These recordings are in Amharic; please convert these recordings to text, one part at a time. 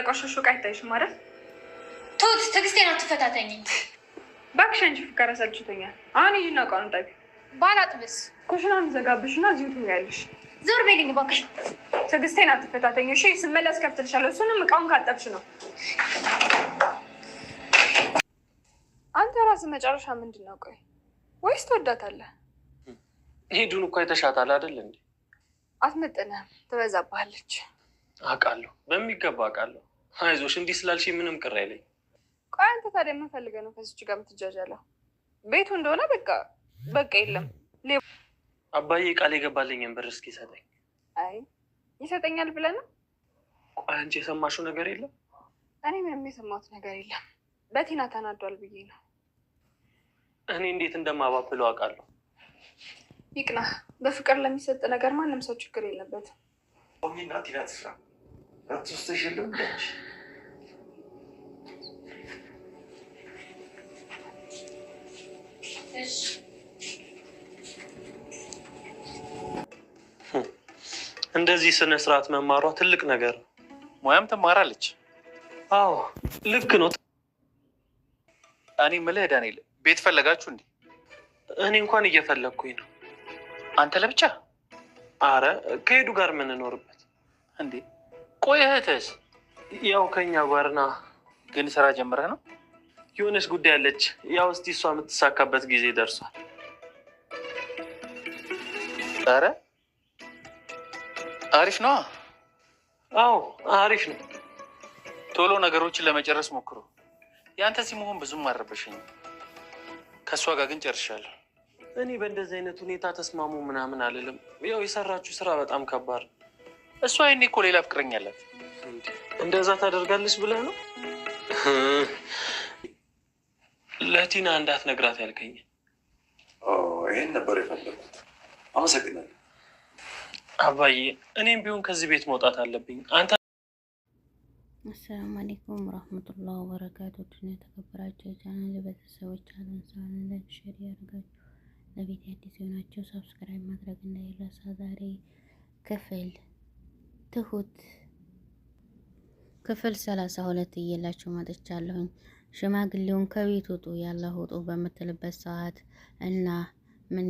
ያቆሸሹ ዕቃ አይታይሽም አይደል? ትሁት ትዕግስቴን አትፈታተኝ እባክሽ። አንቺ ፍቅር አሰልችቶኛል። አሁን ይህን እቃውን ጠቢ ባላጥብስ ኩሽናን ዘጋብሽና እዚሁ ትኛለሽ። ዞር በይልኝ እባክሽ። ትዕግስቴን አትፈታተኝ እሺ። ስመለስ ከፍትልሻለሁ። እሱንም እቃውን ካጠብሽ ነው። አንተ ራስህ መጨረሻ ምንድን ነው? ቆይ ወይስ ትወዳታለህ? ሄዱን እኮ የተሻታል አይደል እንዴ? አትመጥነህም፣ ትበዛብሃለች። አውቃለሁ፣ በሚገባ አውቃለሁ። አይዞሽ እንዲህ ስላልሽ ምንም ቅር አይለኝ። ቆይ አንተ ታዲያ ምን ፈልገህ ነው ከዚች ጋር የምትጃጃለው? ቤቱ እንደሆነ በቃ በቃ የለም። አባዬ ቃል የገባልኝን ብር እስኪ ሰጠኝ። አይ ይሰጠኛል ብለህ ነው? ቆይ አንቺ የሰማሽው ነገር የለም? እኔ ምንም የሰማሁት ነገር የለም። በቲና ተናዷል ብዬ ነው። እኔ እንዴት እንደማባብለው አውቃለሁ። ይቅና። በፍቅር ለሚሰጥ ነገር ማንም ሰው ችግር የለበትም። ሚና ቲና ትስራ አትስተ ሽልም እንደዚህ ስነ ስርዓት መማሯ ትልቅ ነገር ነው። ሙያም ትማራለች። አዎ ልክ ነው። እኔ የምልህ ዳንኤል፣ ቤት ፈለጋችሁ እንዴ? እኔ እንኳን እየፈለግኩኝ ነው። አንተ ለብቻ? አረ ከሄዱ ጋር የምንኖርበት እንዴ ቆይ እህትስ? ያው ከኛ ጓርና ግን ስራ ጀምረ ነው? የሆነች ጉዳይ አለች። ያው እስቲ እሷ የምትሳካበት ጊዜ ደርሷል። ኧረ አሪፍ ነው። አዎ አሪፍ ነው። ቶሎ ነገሮችን ለመጨረስ ሞክሮ የአንተ ሲመሆን ብዙም አረበሽኝ ከእሷ ጋር ግን ጨርሻለሁ። እኔ በእንደዚህ አይነት ሁኔታ ተስማሙ ምናምን አልልም። ያው የሰራችሁ ስራ በጣም ከባድ ነው። እሷ ይኔ እኮ ሌላ ፍቅረኛ አላት። እንደዛ ታደርጋለች ብለህ ነው ለቲና እንዳት ነግራት ያልከኝ? ይህን ነበር የፈለጉት። አመሰግናለሁ አባዬ። እኔም ቢሆን ከዚህ ቤት መውጣት አለብኝ። አንተ አሰላሙ አሌይኩም ረህመቱላ ወበረካቱ። ድና የተከበራቸው የቻናል ቤተሰቦች አለንሳን ለሸር ያደርጋችሁ ለቤት አዲስ የሆናቸው ሰብስክራይብ ማድረግ እንዳይረሳ ዛሬ ክፍል ትሁት ክፍል ሰላሳ ሁለት እየላችሁ መጥቻለሁኝ። ሽማግሌውን ከቤት ውጡ ያላህ ውጡ በምትልበት ሰዓት እና ምን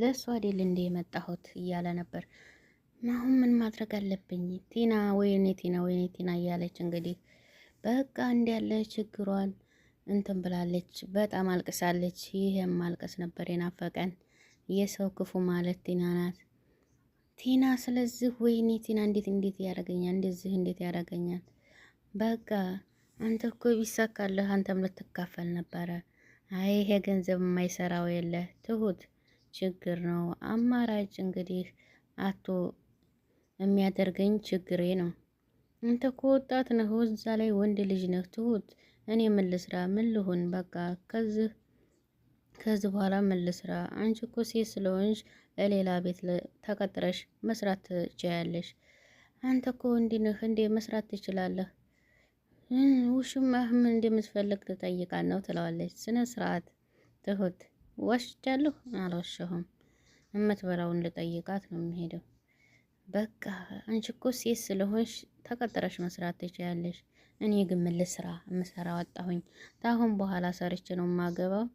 ለእሱ አይደል እንደ የመጣሁት እያለ ነበር። አሁን ምን ማድረግ አለብኝ? ቲና ወይኔ ቲና ወይኔ ቲና እያለች እንግዲህ በቃ እንዳለ ችግሯን እንትን ብላለች። በጣም አልቅሳለች። ይህም ማልቀስ ነበር የናፈቀን። የሰው ክፉ ማለት ቲና ናት። ቲና ስለዚህ ወይኔ ቲና እንዴት እንዴት ያደርገኛል፣ እንደዚህ እንዴት ያደርገኛል። በቃ አንተ እኮ ቢሳካለህ አንተም ልትካፈል ነበረ። አይ ይሄ ገንዘብ የማይሰራው የለ ትሁት ችግር ነው። አማራጭ እንግዲህ አቶ የሚያደርገኝ ችግሬ ነው። አንተ እኮ ወጣት ነህ፣ እዛ ላይ ወንድ ልጅ ነህ። ትሁት እኔ ምን ልስራ ምን ልሁን? በቃ ከዚህ ከዚህ በኋላ ምን ልስራ? አንቺ እኮ ሴት ስለሆንሽ ሌላ ቤት ተቀጥረሽ መስራት ትችያለሽ። አንተ እኮ እንዲንህ እንዴ መስራት ትችላለህ። ውሽማህ ምን እንደምትፈልግ ትጠይቃ ነው ትለዋለች። ስነ ስርዓት ትሁት። ዋሽቻለሁ? አልዋሸሁም። እምትበላውን ልጠይቃት ነው የሚሄደው። በቃ አንቺ እኮ ሴት ስለሆንሽ ተቀጥረሽ መስራት ትችያለሽ። እኔ ግን ምን ልስራ? የምሰራ አጣሁኝ። ታሁን በኋላ ሰርች ነው የማገባው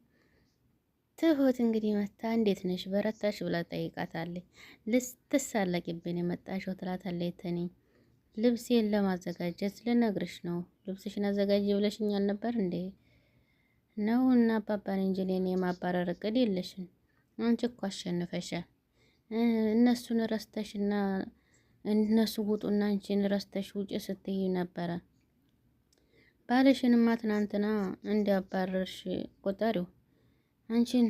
ትሁት እንግዲህ መታ እንዴት ነሽ በረታሽ ብላ ጠይቃታለች። ልትሳለቂብን የመጣሽው ትላታለች። ተኔ ልብሴን ለማዘጋጀት ልነግርሽ ነው። ልብስሽን አዘጋጅ ብለሽኛል ነበር እንዴ? ነው እና አባባን እንጂ እኔን የማባረር እቅድ የለሽም። አንቺ እኮ አሸንፈሻል። እነሱን ረስተሽና እነሱ ውጡና አንቺን ረስተሽ ውጭ ስትይ ነበረ። ባለሽንማ ትናንትና እንዲያባረርሽ ቆጠሪው አንቺን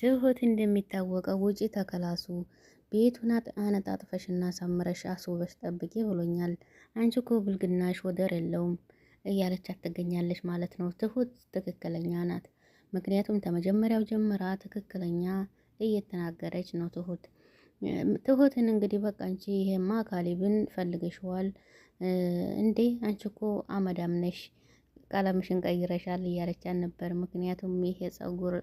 ትሁት እንደሚታወቀው ውጪ ተከላሱ ቤቱን አነጣጥፈሽና ሳምረሽ አስውበሽ ጠብቂ ብሎኛል። አንቺ እኮ ብልግናሽ ወደር የለውም እያለች ትገኛለች ማለት ነው። ትሁት ትክክለኛ ናት። ምክንያቱም ከመጀመሪያው ጀምራ ትክክለኛ እየተናገረች ነው። ትሁት ትሁትን እንግዲህ በቃ አንቺ ይሄማ ካሊብን ፈልገሽዋል እንዴ? አንቺ እኮ አመዳም ነሽ ቀለምሽን ቀይረሻል እያለቻት ነበር። ምክንያቱም ይሄ ጸጉር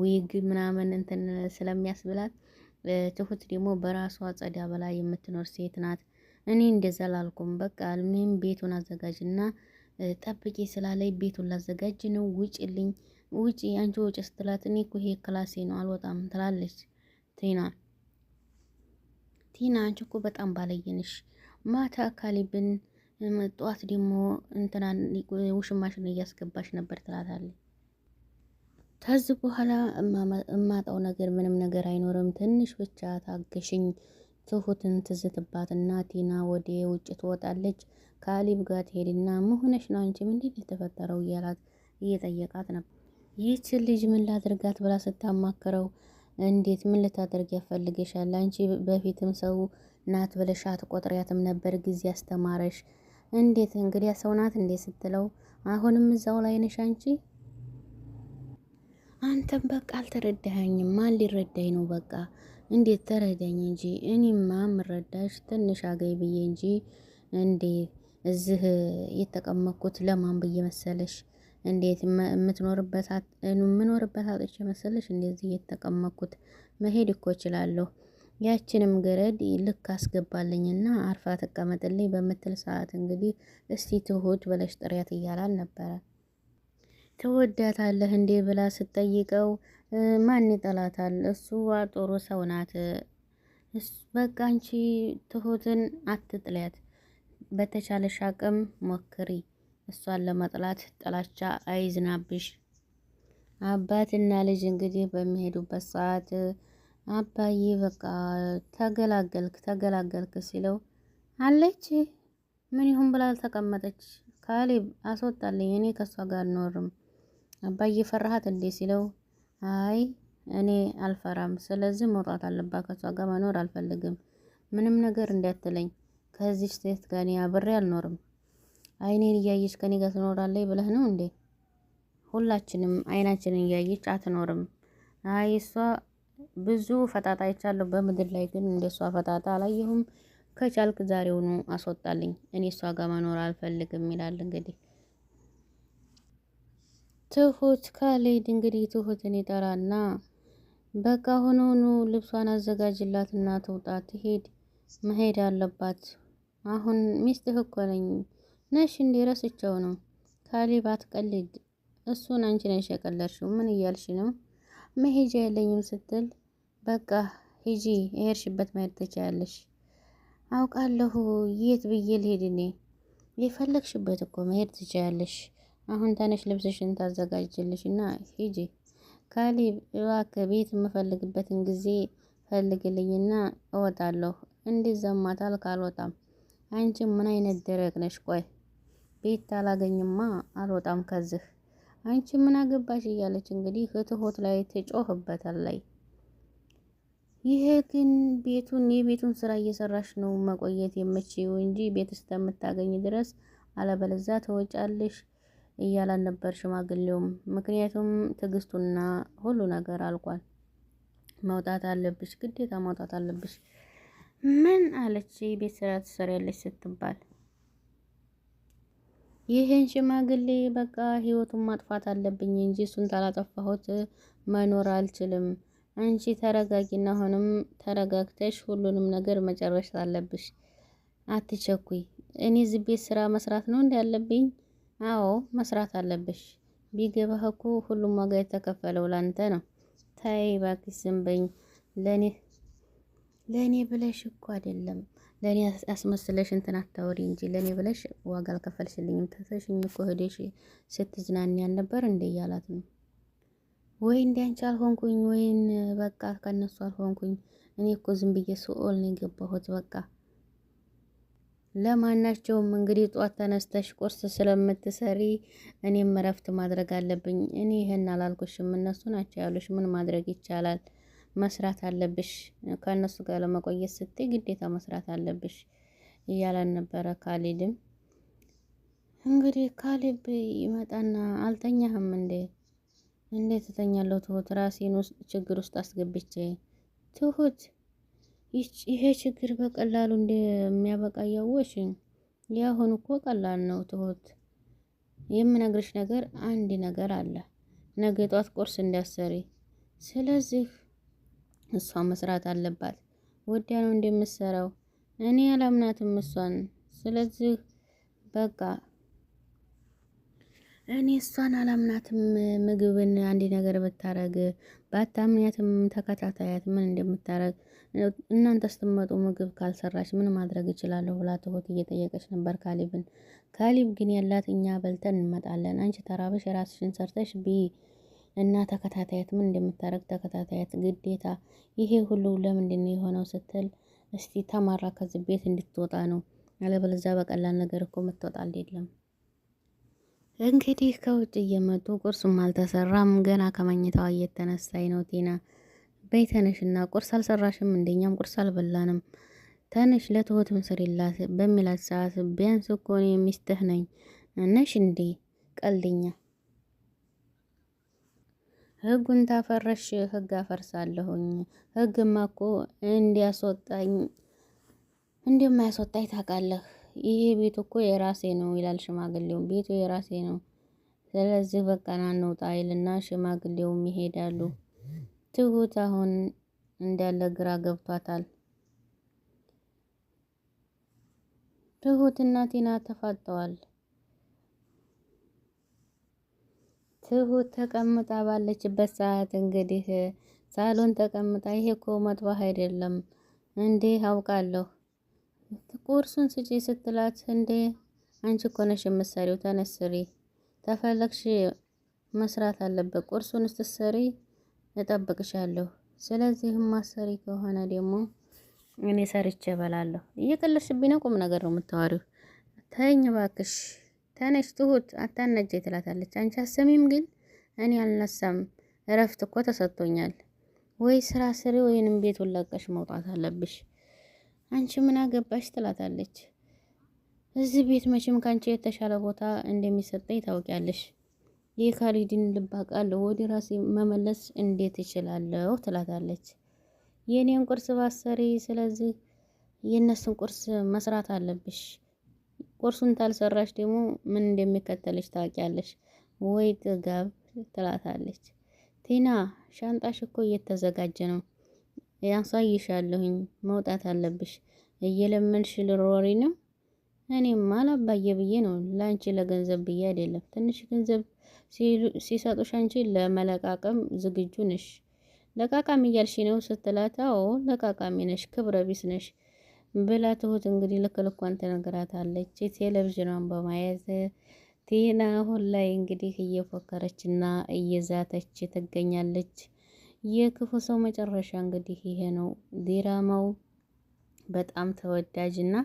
ዊግ ምናምን እንትን ስለሚያስብላት፣ ትሁት ደግሞ በራሷ ጸዳ በላይ የምትኖር ሴት ናት። እኔ እንደዛ ላልኩም። በቃ ምን ቤቱን አዘጋጅና ጠብቂ ስላለይ ቤቱን ላዘጋጅ ነው። ውጭልኝ፣ ውጭ አንቺ ውጭ ስትላት፣ እኔ እኮ ይሄ ክላሴ ነው አልወጣም ትላለች ቲና። ቲና አንቺ እኮ በጣም ባለየንሽ ማታ ካሊብን ጠዋት ደግሞ እንትናን ውሽማሽን እያስገባሽ ነበር ትላታለች። ከዚህ በኋላ እማጣው ነገር ምንም ነገር አይኖርም፣ ትንሽ ብቻ ታገሽኝ። ትሁትን ትዝትባትና ቲና ወደ ውጭ ትወጣለች። ከአሊብ ጋር ትሄድና መሆነሽ ነው አንቺ ምንድን የተፈጠረው እያላት እየጠየቃት ነበር። ይህች ልጅ ምን ላድርጋት ብላ ስታማክረው እንዴት ምን ልታደርግ ያፈልገሻል? አንቺ በፊትም ሰው ናት ብለሽ አትቆጥሪያትም ነበር ጊዜ አስተማረሽ እንዴት እንግዲህ ሰው ናት እንዴ ስትለው አሁንም እዛው ላይ ነሽ አንቺ። አንተም በቃ አልተረዳኸኝም። ማን ሊረዳኝ ነው? በቃ እንዴት ተረዳኝ እንጂ እኔማ ምረዳሽ ትንሽ አገይ ብዬ እንጂ እንዴ እዚህ የተቀመጥኩት ለማን ብዬ መሰለሽ? እንዴት የምትኖርበት የምኖርበት አጥቼ መሰለሽ? እንደዚህ የተቀመጥኩት መሄድ እኮ እችላለሁ። ያችንም ገረድ ልክ አስገባልኝና አርፋ ተቀመጥልኝ በምትል ሰዓት እንግዲህ እስቲ ትሁት ብለሽ ጥሪያት እያላል ነበረ። ትወዳታለህ እንዴ ብላ ስትጠይቀው ማን ይጠላታል? እሱ ጥሩ ሰው ናት። በቃ አንቺ ትሁትን አትጥልያት፣ በተቻለሽ አቅም ሞክሪ። እሷን ለመጥላት ጥላቻ አይዝናብሽ። አባትና ልጅ እንግዲህ በሚሄዱበት ሰዓት አባዬ በቃ ተገላገልክ ተገላገልክ ሲለው አለች ምን ይሁን ብላ ተቀመጠች። ካሌብ አስወጣልኝ፣ እኔ ከሷ ጋር አልኖርም። አባዬ ፈራሃት እንዴ ሲለው አይ እኔ አልፈራም፣ ስለዚህ መውጣት አለባት። ከሷ ጋር መኖር አልፈልግም። ምንም ነገር እንዳትለኝ፣ ከዚህ ሴት ጋር እኔ አብሬ አልኖርም። አይኔን እያየች ከኔ ጋር ትኖራለች ብለህ ነው እንዴ? ሁላችንም አይናችንን እያየች አትኖርም። አይ እሷ ብዙ ፈጣጣ አይቻለሁ በምድር ላይ ግን እንደሷ ፈጣጣ አላየሁም። ከቻልክ ዛሬውኑ አስወጣልኝ፣ እኔ እሷ ጋር መኖር አልፈልግም ይላል እንግዲህ ትሁት ካሌድ እንግዲህ ትሁትን ይጠራና በቃ ሆኖኑ ልብሷን አዘጋጅላትና ትውጣ ትሄድ መሄድ አለባት። አሁን ሚስትህ እኮ ነኝ ነሽ እንዴ ረስቸው ነው ካሌብ አትቀልድ፣ እሱን አንቺ ነሽ የቀለድሽው። ምን እያልሽ ነው? መሄጃ የለኝም ስትል በቃ ሂጂ፣ የሄድሽበት መሄድ ትችያለሽ። አውቃለሁ የት ብዬ ልሄድ እኔ። የፈለግሽበት እኮ መሄድ ትችያለሽ። አሁን ተነሽ፣ ልብስሽን ታዘጋጅልሽ እና ሂጂ። ካሌብ እባክህ ቤት የምፈልግበትን ጊዜ ፈልግልኝና እወጣለሁ። እንዴት ዘማታል? ካልወጣም አንቺ ምን አይነት ደረቅ ነሽ? ቆይ ቤት ታላገኝማ አልወጣም ከዚህ። አንቺ ምን አገባሽ እያለች እንግዲህ ህትሆት ላይ ትጮህበታል ላይ ይሄ ግን ቤቱን የቤቱን ስራ እየሰራሽ ነው መቆየት የምችው እንጂ ቤት እስከምታገኝ ድረስ አለበለዛ ተወጫለሽ እያላን ነበር ሽማግሌውም። ምክንያቱም ትዕግስቱና ሁሉ ነገር አልቋል። መውጣት አለብሽ፣ ግዴታ መውጣት አለብሽ። ምን አለች? ቤት ስራ ትሰሪያለሽ ስትባል ይህን ሽማግሌ በቃ ህይወቱን ማጥፋት አለብኝ እንጂ እሱን ታላጠፋሁት መኖር አልችልም አንቺ ተረጋጊና አሁንም ተረጋግተሽ ሁሉንም ነገር መጨረሻ አለብሽ። አትቸኩይ። እኔ እዚህ ቤት ስራ መስራት ነው እንዴ ያለብኝ? አዎ መስራት አለብሽ። ቢገባህ እኮ ሁሉም ዋጋ የተከፈለው ላንተ ነው። ታይ እባክሽ ዝም በይኝ። ለኔ ለኔ ብለሽ እኮ አይደለም ለኔ አስመስለሽ እንትን አታወሪ እንጂ ለኔ ብለሽ ዋጋ አልከፈልሽልኝም። ተሰሽኝ እኮ ሄደሽ ስትዝናኒ ያልነበር እንዴ እያላት ነው ወይ እንዲያንቺ አልሆንኩኝ ወይን በቃ ከነሱ አልሆንኩኝ። እኔ እኮ ዝም ብዬ ስኦል ነው የገባሁት። በቃ ለማናቸውም እንግዲህ ጧት ተነስተሽ ቁርስ ስለምትሰሪ እኔም እረፍት ማድረግ አለብኝ። እኔ ይሄን አላልኩሽም፣ እነሱ ናቸው ያሉሽ። ምን ማድረግ ይቻላል? መስራት አለብሽ። ከእነሱ ጋር ለመቆየት ስትይ ግዴታ መስራት አለብሽ እያለን ነበረ ካሊድም እንግዲህ ካሊብ ይመጣና አልተኛህም እንዴ እንዴት እተኛለሁ? ትሁት ራሴን ውስጥ ችግር ውስጥ አስገብቼ። ትሁት ይሄ ችግር በቀላሉ እንደሚያበቃ ያወሽ? ያሁን እኮ ቀላል ነው ትሁት። የምነግርሽ ነገር አንድ ነገር አለ። ነገ ጧት ቁርስ እንዳሰሪ። ስለዚህ እሷ መስራት አለባት። ወዲያ ነው እንደምትሰራው። እኔ አላምናትም እሷን። ስለዚህ በቃ እኔ እሷን አላምናትም። ምግብን አንድ ነገር ብታረግ ባታምንያትም ተከታታያት ምን እንደምታረግ እናንተ ስትመጡ ምግብ ካልሰራች ምን ማድረግ እችላለሁ ብላ ትሁት እየጠየቀች ነበር ካሊብን። ካሊብ ግን ያላት እኛ በልተን እንመጣለን፣ አንቺ ተራበሽ የራስሽን ሰርተሽ ቢ እና ተከታታያት ምን እንደምታረግ ተከታታያት ግዴታ። ይሄ ሁሉ ለምንድን ነው የሆነው ስትል እስቲ ተማራ ከዚህ ቤት እንድትወጣ ነው፣ አለበለዚያ በቀላል ነገር እኮ ምትወጣ የለም እንግዲህ ከውጭ እየመጡ ቁርሱም አልተሰራም ገና ከመኝታዋ እየተነሳይ ነው። ቲና በይ ተነሽና ቁርስ አልሰራሽም እንደኛም ቁርስ አልበላንም ተነሽ ለትሁት ምስሪላት በሚላት ሰዓት ቢያንስ እኮ እኔ ሚስትህ ነኝ ነሽ እንዴ ቀልደኛ ህጉን ታፈረሽ ህግ አፈርሳለሁኝ ህግማ እኮ እንዲያስወጣኝ እንዲሁም እንደማያስወጣኝ ታውቃለህ ይሄ ቤት እኮ የራሴ ነው ይላል ሽማግሌውም ቤቱ የራሴ ነው፣ ስለዚህ በቃ ና እንውጣ ይልና ሽማግሌውም ይሄዳሉ። ትሁት አሁን እንዳለ ግራ ገብቷታል። ትሁት እና ቲና ተፋጠዋል። ትሁት ተቀምጣ ባለችበት ሰዓት እንግዲህ ሳሎን ተቀምጣ ይሄ እኮ መጥባህ አይደለም እንዴ አውቃለሁ ቁርሱን ስጪ ስትላት እንዴ አንቺ እኮ ነሽ የምትሰሪው፣ ተነስሪ ተፈለግሽ መስራት አለበት። ቁርሱን ስትሰሪ እጠብቅሻለሁ። ስለዚህ ማሰሪ ከሆነ ደግሞ እኔ ሰርቼ እበላለሁ። እየቀለድሽብኝ ነው። ቁም ነገር ነው የምታወሪው። ተይኝ እባክሽ፣ ተነሽ ትሁት፣ አታነጄ ትላታለች። አንቺ አሰሚም ግን እኔ አልነሳም። እረፍት እኮ ተሰጥቶኛል። ወይ ስራ ስሪ ወይንም ቤቱን ለቀሽ መውጣት አለብሽ። አንቺ ምን አገባሽ ትላታለች። እዚህ ቤት መቼም ካንቺ የተሻለ ቦታ እንደሚሰጠኝ ታውቂያለሽ። የካሊድን ልብ አውቃለሁ። ወደ ራሴ መመለስ እንዴት እችላለሁ? ትላታለች። የእኔን ቁርስ ባሰሪ፣ ስለዚህ የእነሱን ቁርስ መስራት አለብሽ። ቁርሱን ታልሰራሽ ደግሞ ምን እንደሚከተልሽ ታውቂያለሽ ወይ? ጥጋብ ትላታለች። ቲና ሻንጣሽ እኮ እየተዘጋጀ ነው ያሳይሻለሁኝ መውጣት አለብሽ እየለመንሽ ልሮሪ ነው። እኔማ ላባዬ ብዬ ነው ለአንቺ ለገንዘብ ብዬ አይደለም። ትንሽ ገንዘብ ሲሰጡሽ አንቺ ለመለቃቀም ዝግጁ ነሽ። ለቃቃሚ እያልሽ ነው ስትላት፣ አዎ ለቃቃሚ ነሽ፣ ክብረ ቢስ ነሽ ብላ ትሁት እንግዲህ ልክ ልኳን ትነግራታለች። ቴሌቪዥኗን በማየት ቲና አሁን ላይ እንግዲህ እየፎከረችና እየዛተች ትገኛለች። የክፉ ሰው መጨረሻ እንግዲህ ይሄ ነው። ዲራማው በጣም ተወዳጅ እና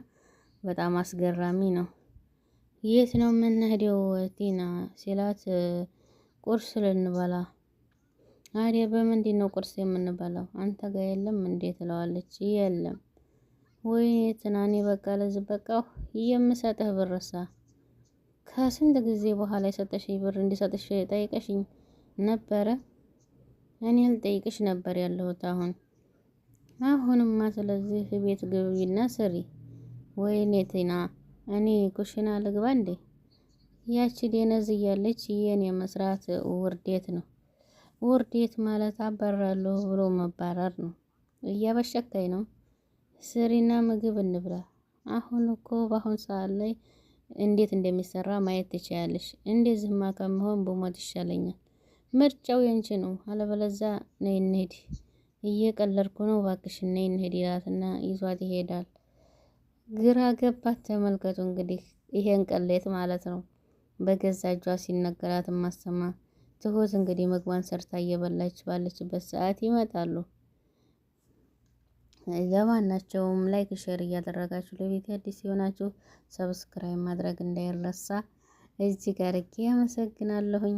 በጣም አስገራሚ ነው። የት ነው የምንሄደው ቲና ሲላት ቁርስ ልንበላ አዲያ በምንድን ነው ቁርስ የምንበላው? አንተ ጋ የለም እንዴ ትለዋለች። የለም ወይ ትናኔ በቃ ለዚህ በቃው የምሰጥህ ብርሳ ከስንት ጊዜ በኋላ የሰጠሽኝ ብር እንዲሰጥሽ ጠይቀሽኝ ነበረ። እኔ ልጠይቅሽ ነበር ያለሁት አሁን አሁንማ ስለዚህ ቤት ግብይና ስሪ። ወይኔ ቲና እኔ ኩሽና ልግባ እንዴ? ያቺ ደነዝ እያለች የኔ መስራት ውርዴት ነው። ውርዴት ማለት አባራለሁ ብሎ መባረር ነው። እያበሸካኝ ነው። ስሪና ምግብ እንብላ። አሁን እኮ በአሁን ሰዓት ላይ እንዴት እንደሚሰራ ማየት ትችያለሽ። እንደዚህማ ከመሆን ብሞት ይሻለኛል። ምርጫው የንቺ ነው። አለበለዛ ነይ እንሂድ፣ እየቀለድኩ ነው እባክሽ ነይ እንሂድ ይላትና ይዟት ይሄዳል። ግራ ገባት። ተመልከቱ እንግዲህ ይሄን ቅሌት ማለት ነው። በገዛ እጇ ሲነገራት ማሰማ ትሁት እንግዲህ ምግቧን ሰርታ እየበላች ባለችበት ሰዓት ይመጣሉ። ለማናቸውም ላይክ ሼር እያደረጋችሁ ለቤት አዲስ የሆናችሁ ሰብስክራይብ ማድረግ እንዳይረሳ። እዚህ ጋር አመሰግናለሁኝ።